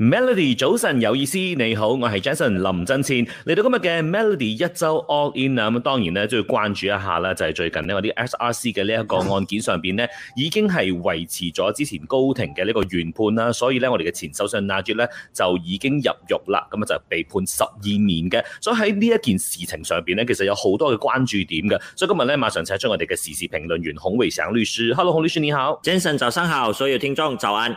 Melody，早晨有意思，你好，我係 Jason 林振千嚟到今日嘅 Melody 一周 All In 啊，咁當然咧都要關注一下咧，就係最近呢我啲 SRC 嘅呢一個案件上邊咧，已經係維持咗之前高庭嘅呢個原判啦，所以咧我哋嘅前首相納吉咧就已經入獄啦，咁啊就被判十二年嘅，所以喺呢一件事情上邊咧，其實有好多嘅關注點嘅，所以今日咧馬上請出我哋嘅時事評論員孔維祥律師，Hello，孔律師你好。Jason 早上好，所有聽眾早安。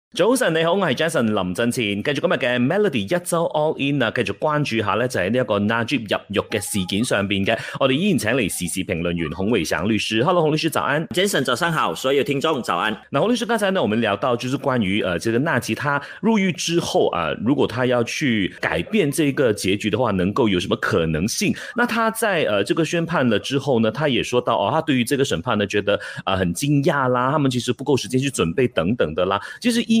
早晨，你好，我係 Jason 林振前，繼續今日嘅 Melody 一周 All In 啊，繼續關注下呢，就係呢一個納吉入獄嘅事件上邊嘅，我哋依然請嚟時事評論員洪偉祥律師，Hello，洪律師早安，Jason 早上好，所有聽眾早安。那洪律師剛才呢，我們聊到就是關於呃這個納吉他入獄之後啊、呃，如果他要去改變這個結局的話，能夠有什麼可能性？那他在呃，這個宣判了之後呢，他也說到哦，他對於這個審判呢，覺得啊、呃，很驚訝啦，他們其實不夠時間去準備等等的啦，其實一。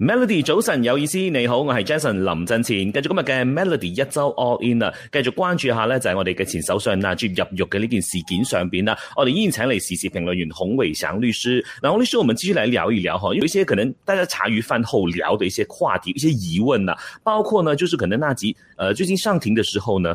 Melody 早晨有意思，你好，我係 Jason 林振前，繼續今日嘅 Melody 一周 All In 啊，繼續關注一下呢就係我哋嘅前首相納吉入獄嘅呢件事件上邊啦，我哋依然請嚟時事評論員孔偉祥律師，嗱，孔律師，我們繼續嚟聊一聊嗬，因為有一些可能大家茶餘飯後聊的一些話題，一些疑問啦，包括呢，就是可能納吉，誒，最近上庭嘅時候呢？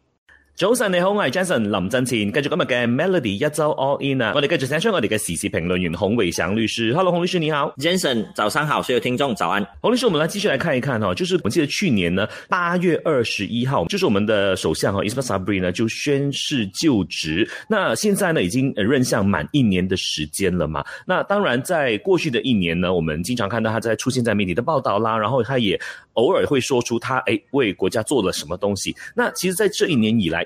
早晨，你好，我係 Jason 林振前，繼續今日嘅 Melody 一周 All In 啊，我哋繼續請出我哋嘅時事評論員孔維想律師，Hello，孔律師你好，Jason 早上好，所有聽眾早安，孔律師，我們來繼續來看一看哈，就是我們記得去年呢八月二十一號，就是我們的首相哈、哦、Ismail Sabri 呢就宣誓就職，那現在呢已經呃任相滿一年的時間了嘛，那當然在過去的一年呢，我們經常看到他在出現在媒體的報道啦，然後他也偶爾會說出他誒為國家做了什麼東西，那其實，在這一年以來。